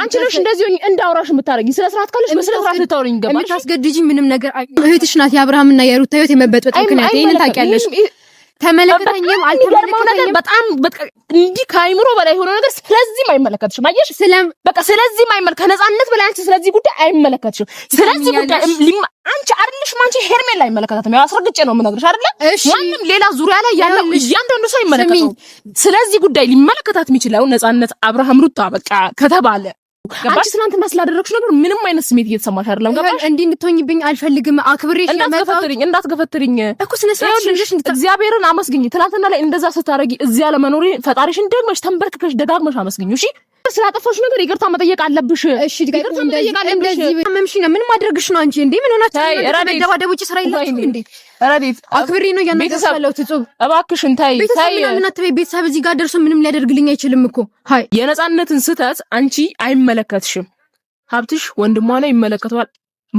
አንቺ ነሽ እንደዚህ ሆኝ እንዳውራሽ የምታረጊ። ስለ ስርዓት ካለሽ በስለ ስርዓት ልታወሪኝ ይገባል። የምታስገድጂኝ ምንም ነገር እህትሽ ናት። የአብርሃምና የሩታ ህይወት የመበጥበጥ ምክንያት ይሄንን ታውቂያለሽ። ተመለከተኝም አልተመለከተኝም ነገር በጣም እንዲህ ከአይምሮ በላይ የሆነ ነገር ስለዚህም አይመለከትሽም። አየሽ በቃ ስለዚህም አይመለከት ከነፃነት በላይ አንቺ ስለዚህ ጉዳይ አይመለከትሽም። ስለዚህ ጉዳይ አንቺ አይደለሽም። አንቺ ሄርሜላ አይመለከታትም። ያው አስረግጬ ነው የምነግርሽ አይደለ? ማንም ሌላ ዙሪያ ላይ ያለው እያንዳንዱ ሰው ይመለከተው። ስለዚህ ጉዳይ ሊመለከታት የሚችለው ነፃነት አብርሃም ሩታ በቃ ከተባለ አንቺ ትናንትና ስላደረግሽ ነገር ምንም አይነት ስሜት እየተሰማሽ አይደለም። ገባሽ? እንዲህ እንድትሆኝብኝ አልፈልግም። አክብሬሽ እንዳትገፈትርኝ እንዳትገፈትርኝ እኮ ስነ ስርዓት እግዚአብሔርን አመስግኝ። ትናንትና ላይ እንደዛ ስታረጊ እዚያ ለመኖሬ ፈጣሪሽን ደግመሽ ተንበርክከሽ ደጋግመሽ አመስግኝ እሺ። ነገር ስላጠፋሽ ነገር ይቅርታ መጠየቅ አለብሽ። እሺ፣ ይቅርታ መጠየቅ አለብሽ። አመምሽ ነው ምን ማድረግሽ ነው አንቺ? እንዴ ምን ሆናችሁ? መደባደብ ውጪ ስራ የላችሁም እንዴ? ረዲት አክብሬ ነው ያነሳለው። ትጹብ እባክሽን ታይ ታይ ምን አትበይ። ቤተሰብ እዚህ ጋር ደርሶ ምንም ሊያደርግልኝ አይችልም እኮ ሃይ የነጻነትን ስህተት አንቺ አይመለከትሽም። ሀብትሽ ወንድሟ ላይ ይመለከተዋል።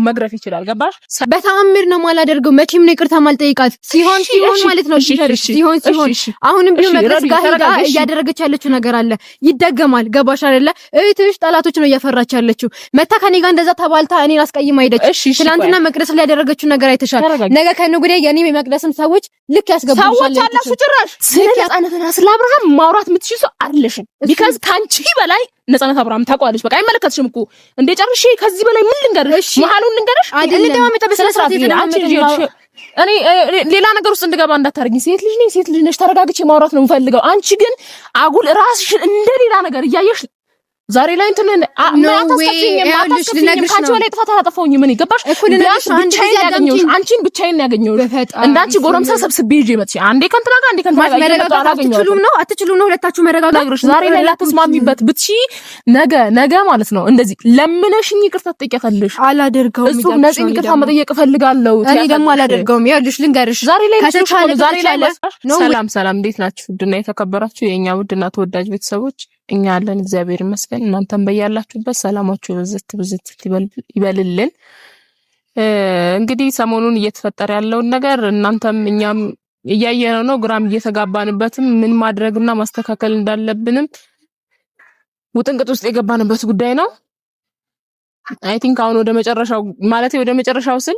መግረፍ ይችላል። ገባሽ? በተአምር ነው ማላደርገው። መቼም ነው ይቅርታ ማልጠይቃት። ሲሆን ሲሆን ማለት ነው ሲሆን ሲሆን አሁንም ቢሆን መቅደስ ጋር ሄዳ እያደረገች ያለችው ነገር አለ፣ ይደገማል። ገባሽ አይደለ? እህትሽ ጠላቶች ነው እያፈራች ያለችው። መታ ከኔ ጋር እንደዛ ተባልታ እኔን አስቀይማ ሄደች። ትናንትና መቅደስ ላይ ያደረገችው ነገር አይተሻል። ነገ ከነገ ወዲያ የኔም የመቅደስም ሰዎች ልክ ያስገቡሻል። ሰዎች አላችሁ ጭራሽ። ስለ ነፃነትና ስለ አብርሃም ማውራት የምትችይ ሰው አይደለሽም። ቢካዝ ከአንቺ በላይ ነፃነት አብርሃም ታውቀዋለች። በቃ አይመለከትሽም እኮ እንደ ጨርሼ ከዚህ በላይ ምን ልንገርሽ ቃሉን ልንገርሽ እኔ ሌላ ነገር ውስጥ እንድገባ እንዳታደርጊኝ። ሴት ልጅ ነኝ፣ ሴት ልጅ ነሽ። ተረጋግቼ ማውራት ነው የምፈልገው። አንቺ ግን አጉል ራስሽን እንደ ሌላ ነገር እያየሽ ዛሬ ላይ እንትን ከአንቺ በላይ ጥፋት አላጠፋሁኝ። ምን ይገባሽ? ብቻዬን ያገኘሁሽ አንቺን ብቻዬን ያገኘሁሽ እንዳንቺ ጎረምሳ ሰብስቤ ይዤ መጥቼ አንዴ ከእንትና ጋር አንዴ ከእንትና ጋር ዛሬ ላይ ላትስማሚበት ብትሺ ነገ ነገ ማለት ነው እንደዚህ ለምነሽኝ ይቅርታ ትጠይቂያታለሽ። አላደርገውም እሱ ነፂ ይቅርታ መጠየቅ እፈልጋለሁ። እኔ ደግሞ አላደርገውም። ይኸውልሽ ልንገርሽ ዛሬ ላይ ሰላም ሰላም፣ እንዴት ናችሁ? ውድና የተከበራችሁ የእኛ ውድና ተወዳጅ ቤተሰቦች እኛ አለን እግዚአብሔር ይመስገን። እናንተም በያላችሁበት ሰላማችሁ ብዝት ብዝት ይበልልን። እንግዲህ ሰሞኑን እየተፈጠረ ያለውን ነገር እናንተም እኛም እያየነው ነው፣ ግራም እየተጋባንበትም ምን ማድረግና ማስተካከል እንዳለብንም ውጥንቅጥ ውስጥ የገባንበት ጉዳይ ነው። አይ ቲንክ አሁን ወደ መጨረሻው ማለት ወደ መጨረሻው ስል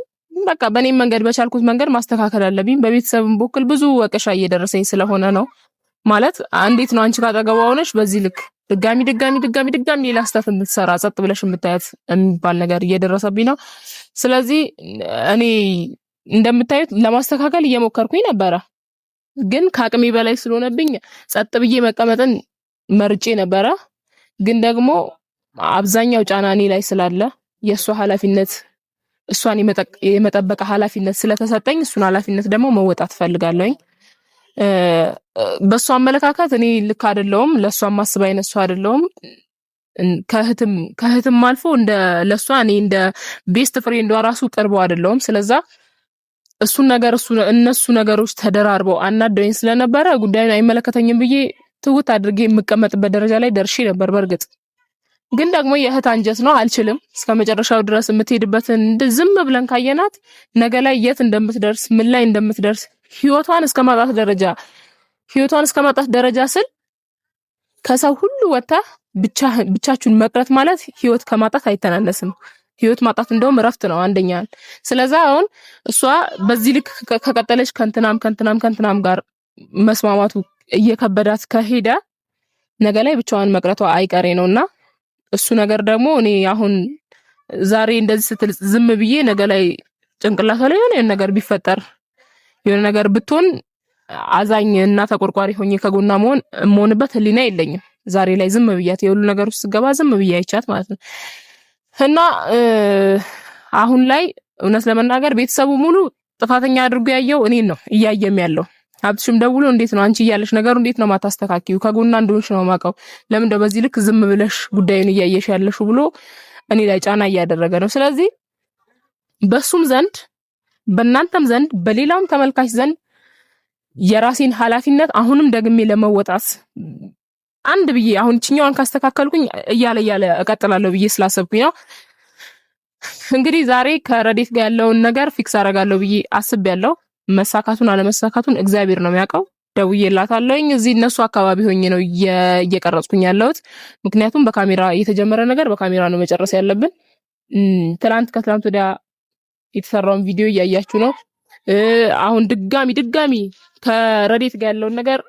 በቃ በእኔም መንገድ በቻልኩት መንገድ ማስተካከል አለብኝ። በቤተሰብም በኩል ብዙ ወቀሻ እየደረሰኝ ስለሆነ ነው ማለት እንዴት ነው አንቺ ካጠገቧ ሆነሽ በዚህ ልክ ድጋሚ ድጋሚ ድጋሚ ድጋሚ ሌላ ስተት የምትሰራ ጸጥ ብለሽ የምታያት የሚባል ነገር እየደረሰብኝ ነው። ስለዚህ እኔ እንደምታዩት ለማስተካከል እየሞከርኩኝ ነበረ፣ ግን ከአቅሜ በላይ ስለሆነብኝ ጸጥ ብዬ መቀመጥን መርጬ ነበረ። ግን ደግሞ አብዛኛው ጫና እኔ ላይ ስላለ የእሷ ኃላፊነት እሷን የመጠበቅ ኃላፊነት ስለተሰጠኝ እሱን ኃላፊነት ደግሞ መወጣት ፈልጋለኝ። በእሷ አመለካከት እኔ ልክ አይደለሁም፣ ለእሷ ማስብ አይነት ሰው አይደለሁም። ከህትም ከህትም አልፎ እንደ ለእሷ እኔ እንደ ቤስት ፍሬንዷ ራሱ ቅርበው አይደለውም። ስለዛ እሱን ነገር እነሱ ነገሮች ተደራርበው አናደውኝ ስለነበረ ጉዳዩን አይመለከተኝም ብዬ ትውት አድርጌ የምቀመጥበት ደረጃ ላይ ደርሼ ነበር። በእርግጥ ግን ደግሞ የእህት አንጀት ነው፣ አልችልም። እስከ መጨረሻው ድረስ የምትሄድበትን ዝም ብለን ካየናት ነገ ላይ የት እንደምትደርስ ምን ላይ እንደምትደርስ ህይወቷን እስከ ማጣት ደረጃ ህይወቷን እስከ ማጣት ደረጃ ስል ከሰው ሁሉ ወጥታ ብቻችሁን መቅረት ማለት ህይወት ከማጣት አይተናነስም። ህይወት ማጣት እንደውም እረፍት ነው አንደኛ ስለዛ አሁን እሷ በዚህ ልክ ከቀጠለች ከንትናም ከንትናም ከንትናም ጋር መስማማቱ እየከበዳት ከሄደ ነገ ላይ ብቻዋን መቅረቷ አይቀሬ ነው እና እሱ ነገር ደግሞ እኔ አሁን ዛሬ እንደዚህ ስትል ዝም ብዬ ነገ ላይ ጭንቅላቷ ላይ የሆነ ነገር ቢፈጠር የሆነ ነገር ብትሆን አዛኝ እና ተቆርቋሪ ሆኜ ከጎና መሆን የምሆንበት ህሊና የለኝም። ዛሬ ላይ ዝም ብያት የሁሉ ነገር ውስጥ ስገባ ዝም ብያ አይቻት ማለት ነው እና አሁን ላይ እውነት ለመናገር ቤተሰቡ ሙሉ ጥፋተኛ አድርጎ ያየው እኔን ነው እያየም ያለው። ሀብትሽም ደውሎ እንዴት ነው አንቺ እያለሽ ነገሩ እንዴት ነው ማታስተካክዩ ከጎና እንደሆንሽ ነው ማቀው ለምን እንደው በዚህ ልክ ዝም ብለሽ ጉዳዩን እያየሽ ያለሽ ብሎ እኔ ላይ ጫና እያደረገ ነው። ስለዚህ በሱም ዘንድ በእናንተም ዘንድ በሌላውም ተመልካች ዘንድ የራሴን ኃላፊነት አሁንም ደግሜ ለመወጣት አንድ ብዬ አሁን ችኛዋን ካስተካከልኩኝ እያለ እያለ እቀጥላለሁ ብዬ ስላሰብኩኝ ነው። እንግዲህ ዛሬ ከረዴት ጋር ያለውን ነገር ፊክስ አደርጋለሁ ብዬ አስቤያለሁ። መሳካቱን አለመሳካቱን እግዚአብሔር ነው የሚያውቀው። ደውዬላታለሁኝ። እዚህ እነሱ አካባቢ ሆኜ ነው እየቀረጽኩኝ ያለሁት፣ ምክንያቱም በካሜራ የተጀመረ ነገር በካሜራ ነው መጨረስ ያለብን። ትናንት ከትላንት ወዲያ የተሰራውን ቪዲዮ እያያችሁ ነው። አሁን ድጋሚ ድጋሚ ከረዴት ጋር ያለውን ነገር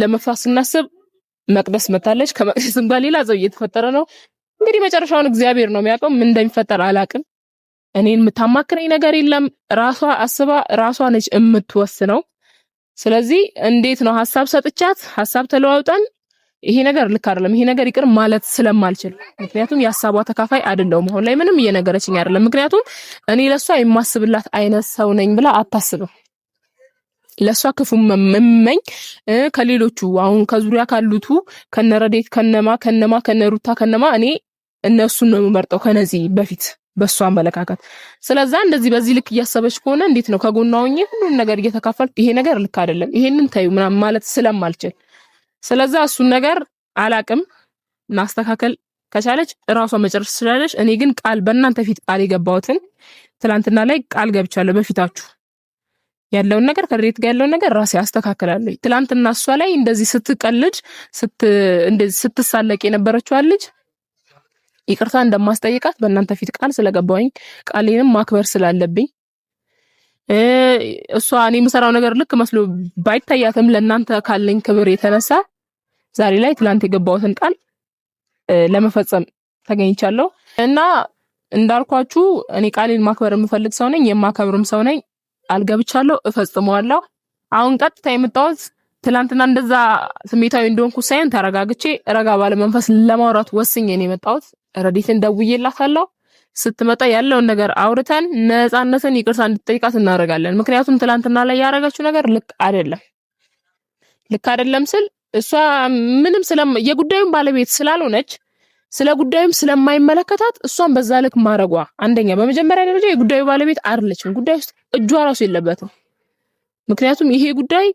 ለመፍታት ስናስብ መቅደስ መታለች። ከመቅደስም ጋር ሌላ ዘው እየተፈጠረ ነው። እንግዲህ መጨረሻውን እግዚአብሔር ነው የሚያውቀው። ምን እንደሚፈጠር አላቅም። እኔን የምታማክረኝ ነገር የለም። ራሷ አስባ ራሷ ነች የምትወስነው። ስለዚህ እንዴት ነው ሀሳብ ሰጥቻት ሀሳብ ተለዋውጠን ይሄ ነገር ልክ አይደለም፣ ይሄ ነገር ይቅር ማለት ስለማልችል፣ ምክንያቱም የሀሳቧ ተካፋይ አይደለሁም። አሁን ላይ ምንም እየነገረችኝ አይደለም፣ ምክንያቱም እኔ ለእሷ የማስብላት አይነት ሰው ነኝ ብላ አታስብም። ለእሷ ክፉ መመኝ ከሌሎቹ አሁን ከዙሪያ ካሉቱ ከነረዴት፣ ከነማ ከነማ ከነሩታ ከነማ እኔ እነሱን ነው የምመርጠው ከነዚህ በፊት በእሷ አመለካከት። ስለዛ እንደዚህ በዚህ ልክ እያሰበች ከሆነ እንዴት ነው ከጎኗ ሆኜ ሁሉን ነገር እየተካፈልኩ ይሄ ነገር ልክ አይደለም፣ ይሄንን ተዩ ምናምን ማለት ስለማልችል ስለዛ እሱን ነገር አላቅም ማስተካከል ከቻለች እራሷ መጨረስ ትችላለች። እኔ ግን ቃል በእናንተ ፊት ቃል የገባሁትን ትላንትና ላይ ቃል ገብቻለሁ። በፊታችሁ ያለውን ነገር ከድሬት ጋር ያለውን ነገር ራሴ አስተካክላለሁ። ትላንትና እሷ ላይ እንደዚህ ስትቀልድ ስትሳለቅ የነበረችዋን ልጅ ይቅርታ እንደማስጠይቃት በእናንተ ፊት ቃል ስለገባሁኝ ቃሌንም ማክበር ስላለብኝ እሷ እኔ የምሰራው ነገር ልክ መስሎ ባይታያትም ለእናንተ ካለኝ ክብር የተነሳ ዛሬ ላይ ትላንት የገባሁትን ቃል ለመፈጸም ተገኝቻለሁ እና እንዳልኳችሁ እኔ ቃሌን ማክበር የምፈልግ ሰው ነኝ፣ የማከብርም ሰው ነኝ። አልገብቻለሁ፣ እፈጽመዋለሁ። አሁን ቀጥታ የመጣሁት ትላንትና እንደዛ ስሜታዊ እንደሆንኩ ሳይሆን ተረጋግቼ ረጋ ባለመንፈስ ለማውራት ወስኜ ነው የመጣሁት። ረዲትን ደውዬላታለሁ። ስትመጣ ያለውን ነገር አውርተን ነፃነትን ይቅርታ እንድጠይቃት እናደርጋለን። ምክንያቱም ትላንትና ላይ ያደረገችው ነገር ልክ አይደለም። ልክ አይደለም ስል እሷ ምንም የጉዳዩን ባለቤት ስላልሆነች ስለ ጉዳዩም ስለማይመለከታት እሷን በዛ ልክ ማረጓ አንደኛ፣ በመጀመሪያ ደረጃ የጉዳዩ ባለቤት አይደለችም። ጉዳይ ውስጥ እጇ ራሱ የለበትም። ምክንያቱም ይሄ ጉዳይ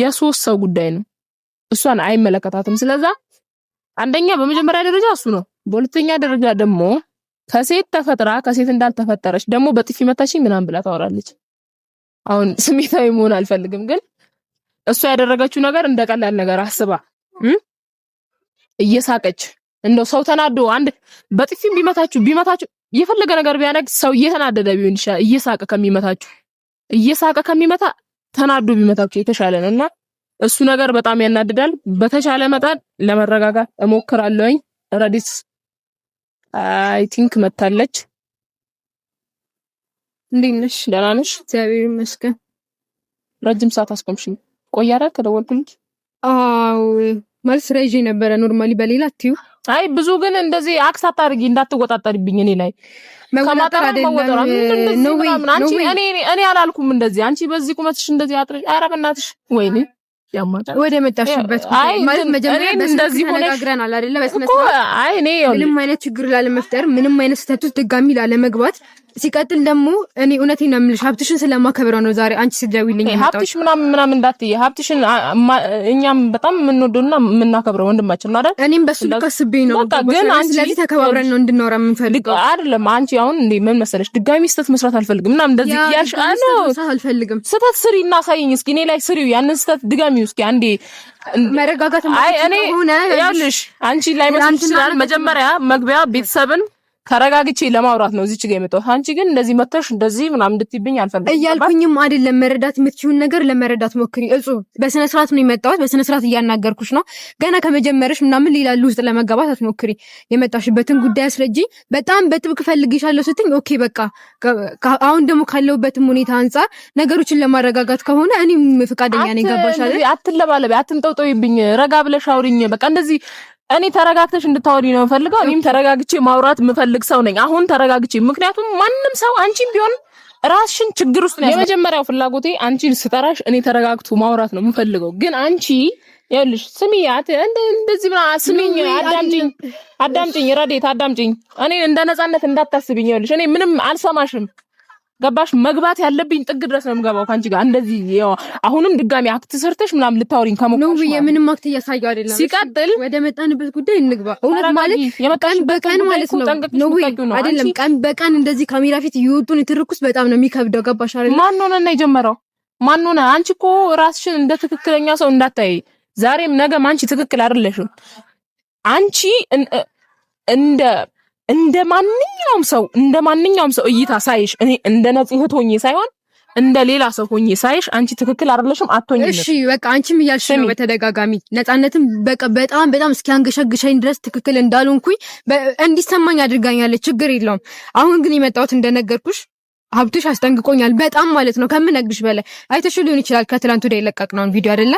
የሶስት ሰው ጉዳይ ነው፣ እሷን አይመለከታትም። ስለዛ አንደኛ በመጀመሪያ ደረጃ እሱ ነው። በሁለተኛ ደረጃ ደግሞ ከሴት ተፈጥራ ከሴት እንዳልተፈጠረች ደግሞ በጥፊ መታችኝ ምናምን ብላ ታወራለች። አሁን ስሜታዊ መሆን አልፈልግም ግን እሷ ያደረገችው ነገር እንደ ቀላል ነገር አስባ እየሳቀች እንደው ሰው ተናዶ አንድ በጥፊም ቢመታችሁ ቢመታችሁ የፈለገ ነገር ቢያደርግ ሰው እየተናደደ ቢሆን ይሻላል፣ እየሳቀ ከሚመታችሁ እየሳቀ ከሚመታ ተናዶ ቢመታችሁ የተሻለ ነው እና እሱ ነገር በጣም ያናድዳል። በተሻለ መጠን ለመረጋጋት እሞክራለሁኝ። ረዲስ አይ ቲንክ መታለች። እንዴት ነሽ? ደህና ነሽ? እግዚአብሔር ይመስገን። ረጅም ሰዓት አስቆምሽኝ። ቆያራ ከደወልኩኝ አው ማለት ስራ ይዤ ነበረ። ኖርማሊ በሌላ አትዩ። አይ ብዙ ግን እንደዚህ አክስ አታድርጊ፣ እንዳትወጣጠርብኝ እኔ ላይ ከማጠር እኔ አላልኩም። እንደዚህ አንቺ በዚህ ቁመትሽ እንደዚህ አጥር ኧረ በእናትሽ ወይኔ ወደ መጣሽበት ማለት መጀመሪያ እንደዚህ ተነጋግረናል አይደለ? በስነ ስርዓት ምንም አይነት ችግር ላለመፍጠር ምንም አይነት ስህተት ውስጥ ድጋሚ ላለመግባት ሲቀጥል ደግሞ እኔ እውነቴን ነው የምልሽ፣ ሀብትሽን ስለማከብረው ነው ዛሬ አንቺ ስትደውይልኝ ሀብትሽ ምናምን ምናምን እንዳትዪ። ሀብትሽን እኛም በጣም የምንወደውና የምናከብረው ወንድማችን ነው አይደል? እኔም በሱ ልክ አስቤ ነው። ግን ስለዚህ ተከባብረን ነው እንድናወራ የምንፈልገው አይደለም። አንቺ አሁን እንደ ምን መሰለሽ፣ ድጋሚ ስህተት መስራት አልፈልግም ምናምን እንደዚህ እያልሽ አልፈልግም። ስህተት ስሪ እና እስኪ፣ እኔ ላይ ስሪው ያንን ስህተት ድጋሚ እስኪ አንዴ መረጋጋት። አይ ያልሽ አንቺ ላይ መስ ይችላል መጀመሪያ መግቢያ ቤተሰብን ተረጋግቼ ለማውራት ነው እዚች ጋ የመጣሁት። አንቺ ግን እንደዚህ መተሽ እንደዚህ ምናምን እንድትይብኝ አልፈልግም። እያልኩኝም አይደለም መረዳት የምትችውን ነገር ለመረዳት ሞክሪ። እጹ በስነ ስርዓት ነው የመጣሁት፣ በስነ ስርዓት እያናገርኩሽ ነው። ገና ከመጀመርሽ ምናምን ሌላ ውስጥ ለመገባት አትሞክሪ። የመጣሽበትን ጉዳይ አስረጂ። በጣም በጥብቅ ፈልግሻለሁ ስትኝ ኦኬ በቃ አሁን ደግሞ ካለሁበትም ሁኔታ አንጻር ነገሮችን ለማረጋጋት ከሆነ እኔም ፍቃደኛ ነኝ። ገባሻለ? አትለባለቢ፣ አትንጠውጠውብኝ፣ ረጋ ብለሽ አውሪኝ። በቃ እንደዚህ እኔ ተረጋግተሽ እንድታወሪ ነው የምፈልገው። እኔም ተረጋግቼ ማውራት የምፈልግ ሰው ነኝ አሁን ተረጋግቼ። ምክንያቱም ማንም ሰው አንቺም ቢሆን ራስሽን ችግር ውስጥ ነው። የመጀመሪያው ፍላጎቴ አንቺን ስጠራሽ እኔ ተረጋግቶ ማውራት ነው የምፈልገው። ግን አንቺ ይኸውልሽ ስሚ እንደዚህ ብላ ስሚኝ፣ አዳምጪኝ፣ አዳምጪኝ፣ ረዴት አዳምጪኝ። እኔ እንደ ነፃነት እንዳታስብኝ። ይኸውልሽ እኔ ምንም አልሰማሽም ገባሽ? መግባት ያለብኝ ጥግ ድረስ ነው የምገባው ከአንቺ ጋር እንደዚህ። አሁንም ድጋሚ አክት ሰርተሽ ምናምን ልታወሪኝ ከሞክሽ የምንም አክት እያሳየሁ አይደለም። ሲቀጥል ወደ መጣንበት ጉዳይ እንግባ። እውነት ማለት ቀን በቀን ማለት ነው አይደለም፣ ቀን በቀን እንደዚህ ካሜራ ፊት እየወጡን የትርኩስ በጣም ነው የሚከብደው። ገባሽ አይደለም? ማን ሆነና የጀመረው ማን ሆነ? አንቺ እኮ ራስሽን እንደ ትክክለኛ ሰው እንዳታይ፣ ዛሬም ነገም አንቺ ትክክል አይደለሽም። አንቺ እንደ እንደ ማንኛውም ሰው እንደ ማንኛውም ሰው እይታ ሳይሽ እኔ እንደ ነፂ እህት ሆኜ ሳይሆን እንደ ሌላ ሰው ሆኜ ሳይሽ አንቺ ትክክል አይደለሽም፣ አትሆኝም። እሺ በቃ አንቺም እያልሽ ነው በተደጋጋሚ ነፃነትም በጣም በጣም እስኪያንገሸግሸኝ ድረስ ትክክል እንዳልሆንኩኝ እንዲሰማኝ አድርጋኛለች። ችግር የለውም። አሁን ግን የመጣሁት እንደነገርኩሽ ሀብትሽ አስጠንቅቆኛል። በጣም ማለት ነው ከምነግርሽ በላይ አይተሽ ሊሆን ይችላል። ከትላንት ወዲያ የለቀቅነውን ቪዲዮ አይደለ?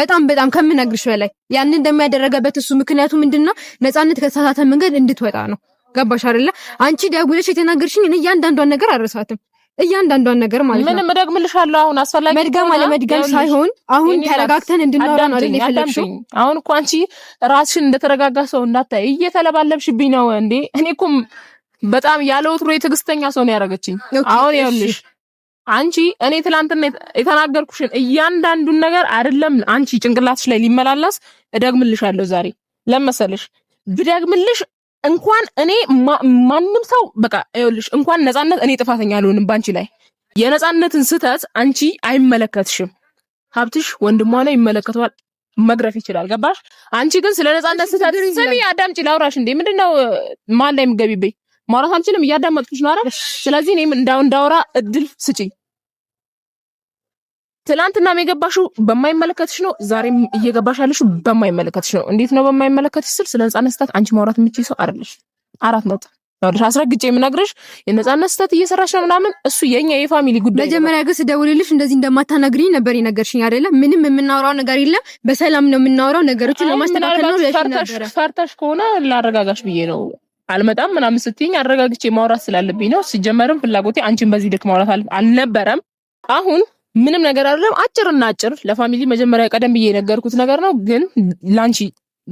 በጣም በጣም ከምነግርሽ በላይ ያንን እንደሚያደረገበት እሱ ምክንያቱ ምንድን ነው? ነፃነት ከተሳሳተ መንገድ እንድትወጣ ነው። ገባሽ አይደለ? አንቺ ዳጉለሽ የተናገርሽኝ እኔ እያንዳንዷን ነገር አልረሳትም። እያንዳንዷን ነገር ማለት ነው። ምንም እደግምልሻለሁ። አሁን አስፈላጊ መድገም አለ መድገም ሳይሆን አሁን ተረጋግተን እንድናወራ ነው አይደል የፈለግሽው? አሁን እኮ አንቺ ራስሽን እንደተረጋጋ ሰው እንዳታይ እየተለባለብሽብኝ ነው እንዴ? እኔ እኮ በጣም ያለ ወትሮ የትዕግስተኛ ሰው ነው ያደረገችኝ። አሁን ይኸውልሽ አንቺ እኔ ትላንትና የተናገርኩሽን እያንዳንዱን ነገር አይደለም አንቺ ጭንቅላትሽ ላይ ሊመላለስ እደግምልሻለሁ ዛሬ ለመሰልሽ ብደግምልሽ እንኳን እኔ ማንም ሰው በቃ ይኸውልሽ፣ እንኳን ነፃነት እኔ ጥፋተኛ አልሆንም በአንቺ ላይ። የነፃነትን ስህተት አንቺ አይመለከትሽም። ሀብትሽ ወንድሟ ነው ይመለከተዋል፣ መግረፍ ይችላል። ገባሽ? አንቺ ግን ስለ ነፃነት ስህተት ስሚ፣ አዳምጪ፣ ላውራሽ። እንዴ ምንድን ነው ማን ላይ የምገቢብኝ? ማውራት አልችልም፣ እያዳመጥኩሽ ነው። ስለዚህ እኔም እንዳውራ እድል ስጪኝ። ትላንትናም የገባሽው በማይመለከትሽ ነው። ዛሬም እየገባሽ ያለሽ በማይመለከትሽ ነው። እንዴት ነው በማይመለከትሽ ስል ስለ ነፃነት ስታት አንቺ ማውራት የምችይ ሰው አይደለሽ። አራት ነጥብ ያውልሽ አስረግጬ የምነግርሽ የነጻነት ስህተት እየሰራሽ ነው ምናምን፣ እሱ የኛ የፋሚሊ ጉዳይ። መጀመሪያ ግን ስደውልልሽ እንደዚህ እንደማታናግሪኝ ነበር የነገርሽኝ አይደለ? ምንም የምናውራው ነገር የለም፣ በሰላም ነው የምናውራው። ነገሮችን ለማስተካከል ነው ነበረ። ፈርተሽ ከሆነ ላረጋጋሽ ብዬ ነው አልመጣም ምናምን ስትይኝ አረጋግቼ ማውራት ስላለብኝ ነው። ሲጀመርም ፍላጎቴ አንቺን በዚህ ልክ ማውራት አልነበረም። አሁን ምንም ነገር አይደለም። አጭርና አጭር ለፋሚሊ መጀመሪያ ቀደም ብዬ የነገርኩት ነገር ነው፣ ግን ላንቺ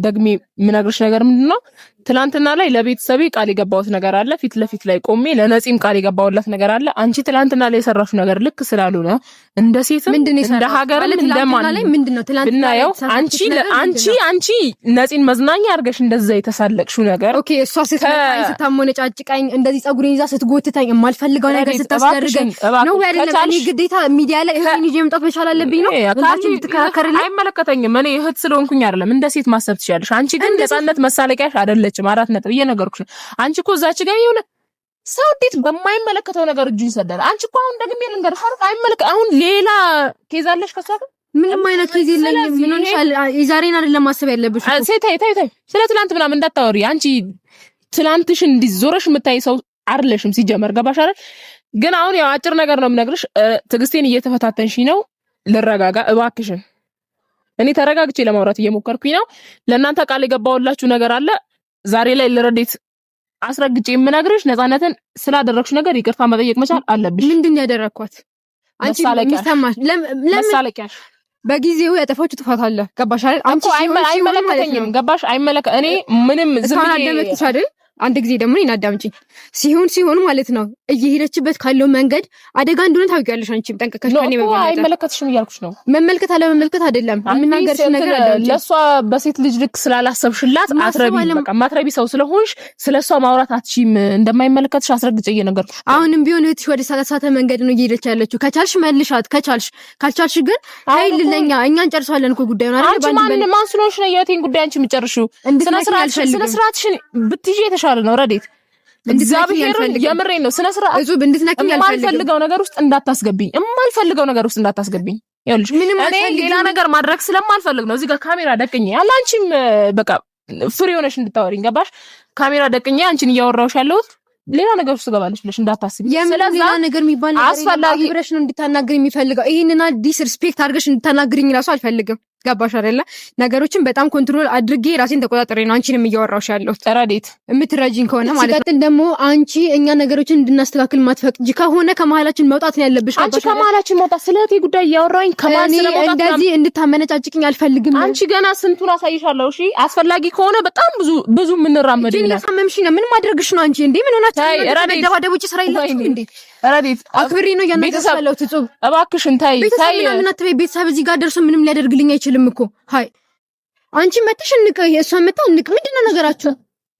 ደግሜ የምነግርሽ ነገር ምንድን ነው? ትላንትና ላይ ለቤተሰቤ ቃል የገባሁት ነገር አለ። ፊት ለፊት ላይ ቆሜ ለነፂም ቃል የገባሁላት ነገር አለ። አንቺ ትላንትና ላይ የሰራሹ ነገር ልክ ስላልሆነ እንደ ሴትም እንደ ሀገርም እንደማንም ብናየው አንቺ አንቺ አንቺ ነፂን መዝናኛ አድርገሽ እንደዛ የተሳለቅሽው ነገር እሷ ስታሞነጫጭቃኝ እንደዚህ ፀጉሬን ይዛ ስትጎትታኝ የማልፈልገው ነገር ስታስደርገኝ ነው ያደለም ግዴታ ሚዲያ ላይ እህቴን ይዤ መምጣት መቻል አለብኝ ነው። አይመለከተኝም እኔ እህት ስለሆንኩኝ አይደለም እንደ ሴት ማሰብ ትችያለሽ። አንቺ ግን ነፃነት መሳለቂያሽ አይደለችም። አራት ነጥብ እየነገርኩሽ። አንቺ እኮ እዛች ጋር የሆነ ሰው እንዴት በማይመለከተው ነገር እጁ ይሰዳል? አንቺ እኮ አሁን ደግሜ ልንገርሽ፣ አይመለከ አሁን ሌላ ኬዝ አለሽ ከሷ ጋር ምንም አይነት ጊዜ የለኝም። ምን ሆነሻል? የዛሬን አይደለም ማሰብ ያለብሽ። ታይ ታይ ታይ፣ ስለ ትላንት ምናምን እንዳታወሪ አንቺ። ትላንትሽን እንዲዞረሽ የምታይ ሰው አይደለሽም ሲጀመር። ገባሽ አይደል? ግን አሁን ያው አጭር ነገር ነው የምነግርሽ። ትዕግስቴን እየተፈታተንሽ ነው። ልረጋጋ እባክሽን። እኔ ተረጋግቼ ለማውራት እየሞከርኩኝ ነው። ለእናንተ ቃል የገባሁላችሁ ነገር አለ። ዛሬ ላይ ለረዴት አስረግጬ የምነግርሽ ነፃነትን ስላደረግሽ ነገር ይቅርታ መጠየቅ መቻል አለብሽ። ምንድን ያደረግኳት አንቺ በጊዜው ያጠፋችሁ ጥፋት አለ። ገባሽ አይደል? አይመለከተኝም። ገባሽ አይመለከ እኔ ምንም ዝም ብዬ አንድ ጊዜ ደግሞ እኔን አዳምጪኝ። ሲሆን ሲሆን ማለት ነው እየሄደችበት ካለው መንገድ አደጋ እንደሆነ ታውቂያለሽ። አንቺም ጠንቀቀሽ ነው ነው አይመለከትሽም እያልኩሽ ነው። መመልከት አለመመልከት አይደለም የምናገርሽ ነገር አዳምጪኝ። ለእሷ በሴት ልጅ ልክ ስላላሰብሽላት አትረቢ፣ በቃ ማትረቢ ሰው ስለሆንሽ ስለሷ ማውራት አትችይም። እንደማይመለከትሽ አስረግጬ እየነገርኩሽ አሁንም ቢሆን እህትሽ ወደ ሳተሳተ መንገድ ነው እየሄደች ያለችው። ከቻልሽ መልሻት፣ ከቻልሽ ካልቻልሽ ግን ሀይል ለኛ እኛ እንጨርሰዋለን እኮ ጉዳዩን አይደል? ባንድ ማን ስለሆንሽ ነው የእህቴን ጉዳይ አንቺ የምጨርሺው? ስነ ስርዓትሽን ብትይዤ የተሻለ ነው። ረዴት እግዚአብሔርን የምሬን ነው። ስነ ስርዓት እዙብ እንድትነክም የማልፈልገው ነገር ውስጥ እንዳታስገብኝ፣ የማልፈልገው ነገር ውስጥ እንዳታስገብኝ። ይኸውልሽ እኔ ሌላ ነገር ማድረግ ስለማልፈልግ ነው እዚህ ጋር ካሜራ ደቅኜ ያለ አንቺም በቃ ፍሪ ሆነሽ እንድታወሪኝ ገባሽ? ካሜራ ደቅኜ አንቺን እያወራሁሽ ያለሁት ሌላ ነገር ውስጥ ገባለች ብለሽ እንዳታስቢ። ሌላ ነገር የሚባል አስፈላጊ ብለሽ ነው እንድታናግር የሚፈልገው። ይህንን ዲስሪስፔክት አድርገሽ እንድታናግርኝ ራሱ አልፈልግም። ገባሽ አይደለ? ነገሮችን በጣም ኮንትሮል አድርጌ ራሴን ተቆጣጠሬ ነው አንቺንም እያወራሁሽ ያለሁት። ጠራዴት የምትረጂኝ ከሆነ ማለት ነው። ደግሞ አንቺ እኛ ነገሮችን እንድናስተካክል ማትፈቅጂ ከሆነ ከመሀላችን መውጣት ነው ያለብሽ። አንቺ ከመሀላችን መውጣት ስለ እህቴ ጉዳይ እያወራሁኝ ከማን ስለመውጣት እንደዚህ እንድታመነጫጭቅኝ አልፈልግም። አንቺ ገና ስንቱን አሳይሻለሁ። እሺ አስፈላጊ ከሆነ በጣም ብዙ ብዙ የምንራመድ እያስቀየምሽኝ ነው። ምን ማድረግሽ ነው አንቺ? እንዴ ምን ሆናችሁ? መደባደብ ውጪ ስራ የላችሁም እንዴ? ረዲት አክብሬ ነው እያናገርኩሽ። ትጹብ እባክሽን ታይ ታይ ምን አትበይ። ቤተሰብ እዚህ ጋር ደርሶ ምንም ሊያደርግልኝ አይችልም እኮ ሀይ አንቺ መጥሽ እንቅ እሷ መጣ እንቅ ምንድነው ነገራችሁ?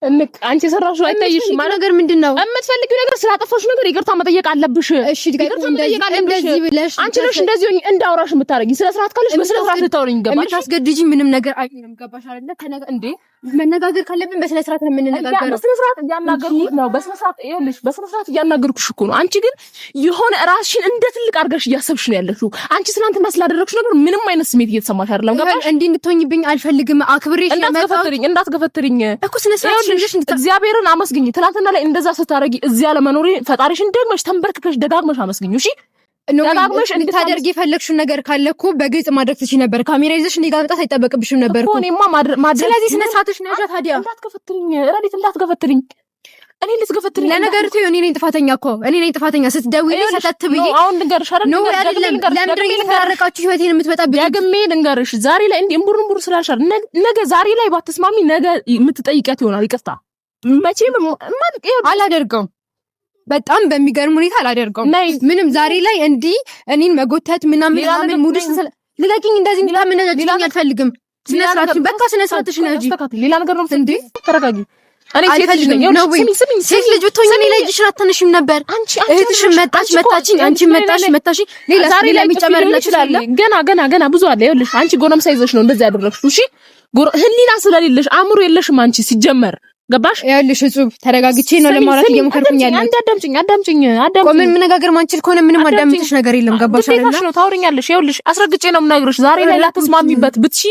እንቅ አንቺ ሰራሽ አይታይሽ ማለት ነገር ምንድነው? የምትፈልጊው ነገር ስላጠፋሽ ነገር ይቅርታ መጠየቅ አለብሽ። እሺ ይቅርታ መጠየቅ አለብሽ። አንቺ ነሽ እንደዚህ ሆኝ እንዳውራሽ የምታረጊ። ስለ ስርዓት ካለሽ በስነ ስርዓት ልታወሪኝ ገባሽ። የምታስገድጂኝ ምንም ነገር አይንም ገባሽ አይደለ? ከነገ እንዴ መነጋገር ካለብን በስነ ስርዓት ነው የምንነጋገረው። በስነ ስርዓት እያናገርኩሽ ነው። በስነ ስርዓት ይኸውልሽ፣ በስነ ስርዓት እያናገርኩሽ እኮ ነው። አንቺ ግን የሆነ ራስሽን እንደ ትልቅ አድርገሽ እያሰብሽ ነው ያለሽው። አንቺ ትናንትና ስላደረግሽ ነገር ምንም አይነት ስሜት እየተሰማሽ አይደለም። ገባሽ? እንዲህ እንድትሆኝብኝ አልፈልግም። አክብሬሽ እንዳትገፈትሪኝ፣ እንዳትገፈትሪኝ እኮ ስነ ስርዓት እግዚአብሔርን አመስግኝ። ትናንትና ላይ እንደዛ ስታረጊ እዚያ ለመኖሬ ፈጣሪሽን ደግመሽ ተንበርክከሽ ደጋግመሽ አመስግኝ እሺ ደጋግመሽ እንድታደርግ የፈለግሽው ነገር ካለ እኮ በግልጽ ማድረግ ትችይ ነበር። ካሜራ ይዘሽ እኔ ጋር መጣት አይጠበቅብሽም ነበር እኮ እኔማ ማድረግ። ስለዚህ ስነ ስርዓትሽ ነው። ታዲያ እንዳትገፈትሪኝ፣ ረዲት እንዳትገፈትሪኝ እኔ ልትገፈትሪኝ። ለነገሩ ተይው፣ እኔ ነኝ ጥፋተኛ እኮ እኔ ነኝ ጥፋተኛ። ስትደውይልኝ ሰጠት ብዬ አሁን ልንገርሽ አይደል? ለምንድን ነው የተራረቃችሁ ህይወቴን የምትመጣብኝ? ደግሜ ልንገርሽ ዛሬ ላይ እንደ እምቡር እምቡር ስላልሽ ነገ ዛሬ ላይ ባትስማሚ ነገ የምትጠይቂያት ይሆናል። ይቅርታ መቼም አላደርገውም በጣም በሚገርም ሁኔታ አላደርገውም። ምንም ዛሬ ላይ እንዲህ እኔን መጎተት ምናምን ምናምን ሙድሽ ልቀቂኝ፣ እንደዚህ ምናምን ልቀቂኝ አልፈልግም። ስነ በቃ ስነ ስርዓትሽን ሌላ ነገር ነው። እንዴ ተረጋጊ። ሴት ልጅ ነኝ። ብትሆኝ እኔ ላይ እጅሽን አትተንሽም ነበር። እህትሽን መጣች መታችኝ፣ አንቺ መጣሽ መታችኝ። ሌላ ዛሬ ላይ የሚጨመርልሽ ገና ገና ገና ብዙ አለ። ይኸውልሽ አንቺ ጎረምሳ ይዘሽ ነው እንደዚህ ያደረግሽው። እሺ ህሊና ስለሌለሽ አእምሮ የለሽም አንቺ ሲጀመር ገባሽ? ያልሽ እጹብ ተረጋግቼ ነው ለማውራት እየሞከርኩኝ ያለው። አዳምጪኝ፣ አዳምጪኝ፣ አዳምጪኝ። ቆይ ምን መነጋገር ማንችል ከሆነ ምንም አዳምጥሽ ነገር የለም። ገባሽ አይደል? ግዴታሽ ነው ታወሪኛለሽ። ይኸውልሽ አስረግጬ ነው የምነግርሽ። ዛሬ ላይ ላትስማሚበት ብትሺ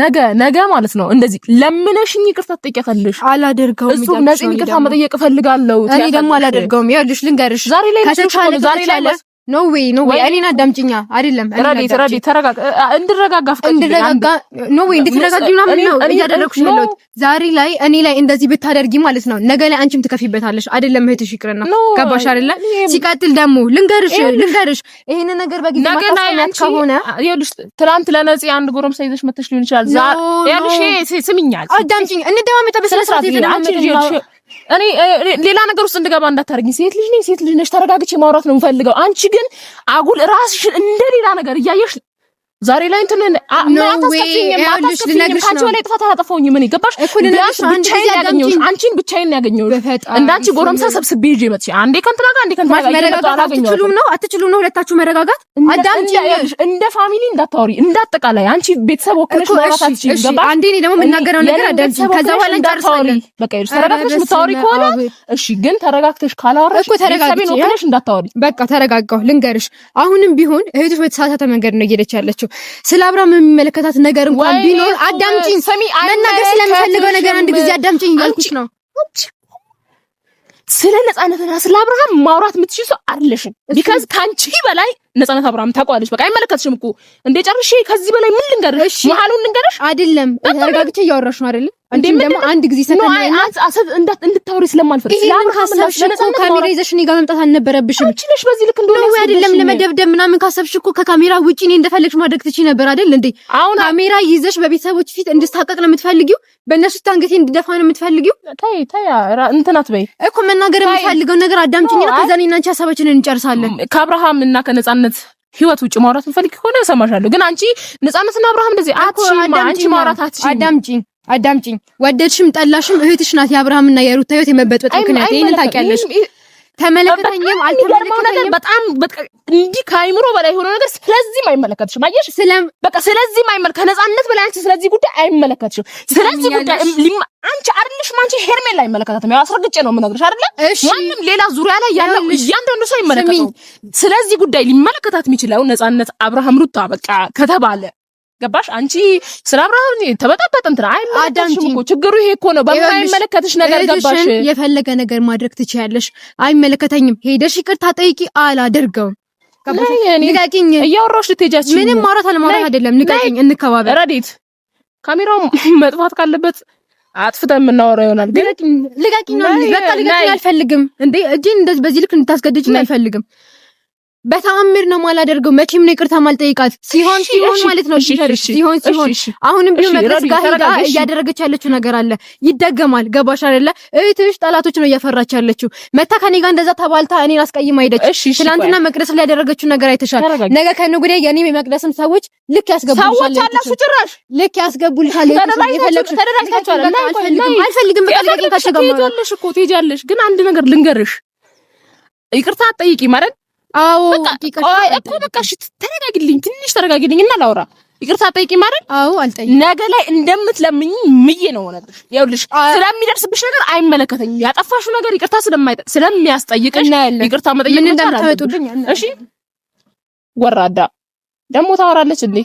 ነገ ነገ ማለት ነው እንደዚህ ለምነሽኝ ይቅርታ ትጠይቂያታለሽ። አላደርገውም። እጹብ ነፂን ይቅርታ መጠየቅ እፈልጋለሁ። እኔ ደግሞ አላደርገውም። ይኸውልሽ ልንገርሽ ዛሬ ላይ ዛሬ ላይ ኖ ዌይ ኖ ዌይ አሊና አዳምጪኛ። አይደለም ረዲት ረዲት ተረጋጋ፣ እንድረጋጋ ፍቀድ፣ እንድረጋጋ ኖ ዌይ እንድትረጋጊ ምናምን ነው እያደረኩሽ ያለሁት። ዛሬ ላይ እኔ ላይ እንደዚህ ብታደርጊ ማለት ነው ነገ ላይ አንቺም ትከፊበታለሽ። አይደለም እህትሽ ይቅርና ገባሽ አይደለ? ሲቀጥል ደግሞ ልንገርሽ ልንገርሽ ይሄን ነገር በግድ በጊዜ ማጣጣም ከሆነ ይኸውልሽ፣ ትናንት ለነጽ አንድ ጎረምሳ ይዘሽ መተሽ ሊሆን ይችላል። ዛሬ ይኸውልሽ፣ ስሚኛል፣ አዳምጪኝ፣ እንደማመጣ በስነ ስርዓት ይላል አንቺ ልጅ እኔ ሌላ ነገር ውስጥ እንድገባ እንዳታደርጊኝ። ሴት ልጅ ነኝ፣ ሴት ልጅ ነሽ። ተረጋግቼ ማውራት ነው የምፈልገው። አንቺ ግን አጉል ራስሽን እንደ ሌላ ነገር እያየሽ ዛሬ ላይ እንትን ከአንቺ በላይ ጥፋት አላጠፋሁኝ። ምን ይገባሽ? ብቻዬን ያገኘሁሽ አንቺን ብቻዬን ያገኘሁሽ እንዳንቺ ጎረምሳ ሰብስቤ ይዤ መጥቼ አንዴ ከእንትና ጋር አንዴ ከእንትና ጋር አትችሉም ነው አትችሉም ነው ሁለታችሁ መረጋጋት። እንደ ፋሚሊ እንዳታወሪ እንዳጠቃላይ አንቺ ቤተሰብ ወክለሽ ማውራት አትችይም። ገባሽ? አንዴ እኔ ደግሞ የምናገረው ነገር አዳምጪ። ከዛ በኋላ እንዳታወሪ በቃ ይኸውልሽ፣ ተረጋግተሽ የምታወሪ ከሆነ እሺ። ግን ተረጋግተሽ ካላወራሽ ቤተሰቤን ወክለሽ እንዳታወሪ። በቃ ተረጋጋሁ። ልንገርሽ፣ አሁንም ቢሆን እህትሽ በተሳሳተ መንገድ ነው እየሄደች ያለችው ናቸው። ስለ አብርሃም የሚመለከታት ነገር እንኳን ቢኖር አዳምጪኝ፣ መናገር ስለምፈልገው ነገር አንድ ጊዜ አዳምጪኝ እያልኩሽ ነው። ስለ ነፃነትና ስለ አብርሃም ማውራት የምትችል ሰው አይደለሽም። ቢካዝ ከአንቺ በላይ ነፃነት አብርሃም ታውቀዋለች። በቃ አይመለከትሽም እኮ እንደ ጨርሼ ከዚህ በላይ ምን ልንገርሽ? መሀሉን ልንገርሽ አይደለም። ተረጋግቼ እያወራሽ ነው አይደለም ደግሞ አንድ ጊዜ እንድታወሪ ስለማልፈልግ ይሄን ካሰብሽ እኮ ካሜራ ይዘሽ እኔ ጋር መምጣት አልነበረብሽም። እችልሽ በዚህ ልክ እንደሆነ ነው አይደለም። ለመደብደብ ምናምን ካሰብሽ እኮ ከካሜራ ውጪ እኔ እንደፈለግሽ ማድረግ ትችይ ነበር አይደል እንዴ? አሁን ካሜራ ይዘሽ በቤተሰቦች ፊት እንድስታቀቅ ነው የምትፈልጊው? በእነሱ ፊት አንገቴ እንድደፋ ነው የምትፈልጊው? ተይ ተይ፣ እንትን አትበይ እኮ መናገር የምትፈልገውን ነገር አዳምጪኝና ከዛ እና አንቺ ሀሳባችንን እንጨርሳለን። ከአብርሃም እና ከነጻነት ህይወት ውጭ ማውራት የምፈልግ ከሆነ እሰማሻለሁ። ግን አንቺ ነጻነትና አብርሃም እንደዚህ አትሽ አንቺ ማውራት አትችይም። አዳምጪኝ አዳምጪኝ። ወደድሽም ጠላሽም እህትሽ ናት። የአብርሃምና የሩታ ህይወት የመበጥበጥ ምክንያት ይህንን ታውቂያለሽ። ተመለከተኝም አልተመለከተኝም በጣም እንዲህ ከአይምሮ በላይ የሆነ ነገር። ስለዚህም አይመለከትሽም። አየሽ፣ በቃ ስለዚህም አይመለ ከነፃነት በላይ አንቺ ስለዚህ ጉዳይ አይመለከትሽም። ስለዚህ ጉዳይ አንቺ አይደለሽም። አንቺ ሄርሜላ አይመለከታትም። ያው አስረግጬ ነው የምነግርሽ አይደለ? ማንም ሌላ ዙሪያ ላይ ያለው እያንዳንዱ ሰው አይመለከተውም። ስለዚህ ጉዳይ ሊመለከታት የሚችለው ነፃነት፣ አብርሃም፣ ሩታ በቃ ከተባለ ገባሽ? አንቺ ስራ አብርሃም ተበጣበጥ እንትን አይመለከትሽም እኮ ችግሩ ይሄ እኮ ነው። በማይመለከትሽ ነገር ገባሽ? የፈለገ ነገር ማድረግ ትችያለሽ። አይመለከተኝም፣ ሄደሽ ይቅርታ ጠይቂ። አላደርገውም። ንቃቂኝ። እያወራሁሽ ልትሄጃችሁ ምንም ማውራት አለማውራት አይደለም። ንቃቂኝ፣ እንከባበር። ረዴት ካሜራው መጥፋት ካለበት አጥፍተን የምናወራው ይሆናል። ግን ልቃቂኝ በቃ ልቃቂኝ አልፈልግም። እንዴ እጄን እንደዚህ በዚህ ልክ እንድታስገድጅ አልፈልግም። በተአምር ነው ማላደርገው። መቼም ነው ይቅርታ ማልጠይቃት። ሲሆን ሲሆን ማለት ነው ሲሆን ሲሆን አሁንም ቢሆን መቅደስ ጋር ሄዳ እያደረገች ያለችው ነገር አለ፣ ይደገማል። ገባሽ አይደለ? እህትሽ ጠላቶች ነው እያፈራች ያለችው። መታ ከኔ ጋር እንደዛ ተባልታ እኔን አስቀይማ ሄደች። ትናንትና መቅደስ ላይ ያደረገችው ነገር አይተሻል። ነገ ከነገ የኔም የመቅደስም ሰዎች ልክ ያስገቡልሻል። ግን አንድ ነገር ልንገርሽ፣ ይቅርታ አዎ እኮ በቃ እሺ፣ ተረጋግልኝ፣ ትንሽ ተረጋግልኝ እና ላውራ። ይቅርታ ጠይቂ ማለት አዎ፣ አልጠይቅም። ነገ ላይ እንደምትለምኝ ምዬ ነው እውነት። ይኸውልሽ ስለሚደርስብሽ ነገር አይመለከተኝም። ያጠፋሽው ነገር ይቅርታ ስለማይጠ ስለሚያስጠይቅሽ ይቅርታ መጠየቅ እሺ። ወራዳ ደግሞ ታወራለች እንዴ?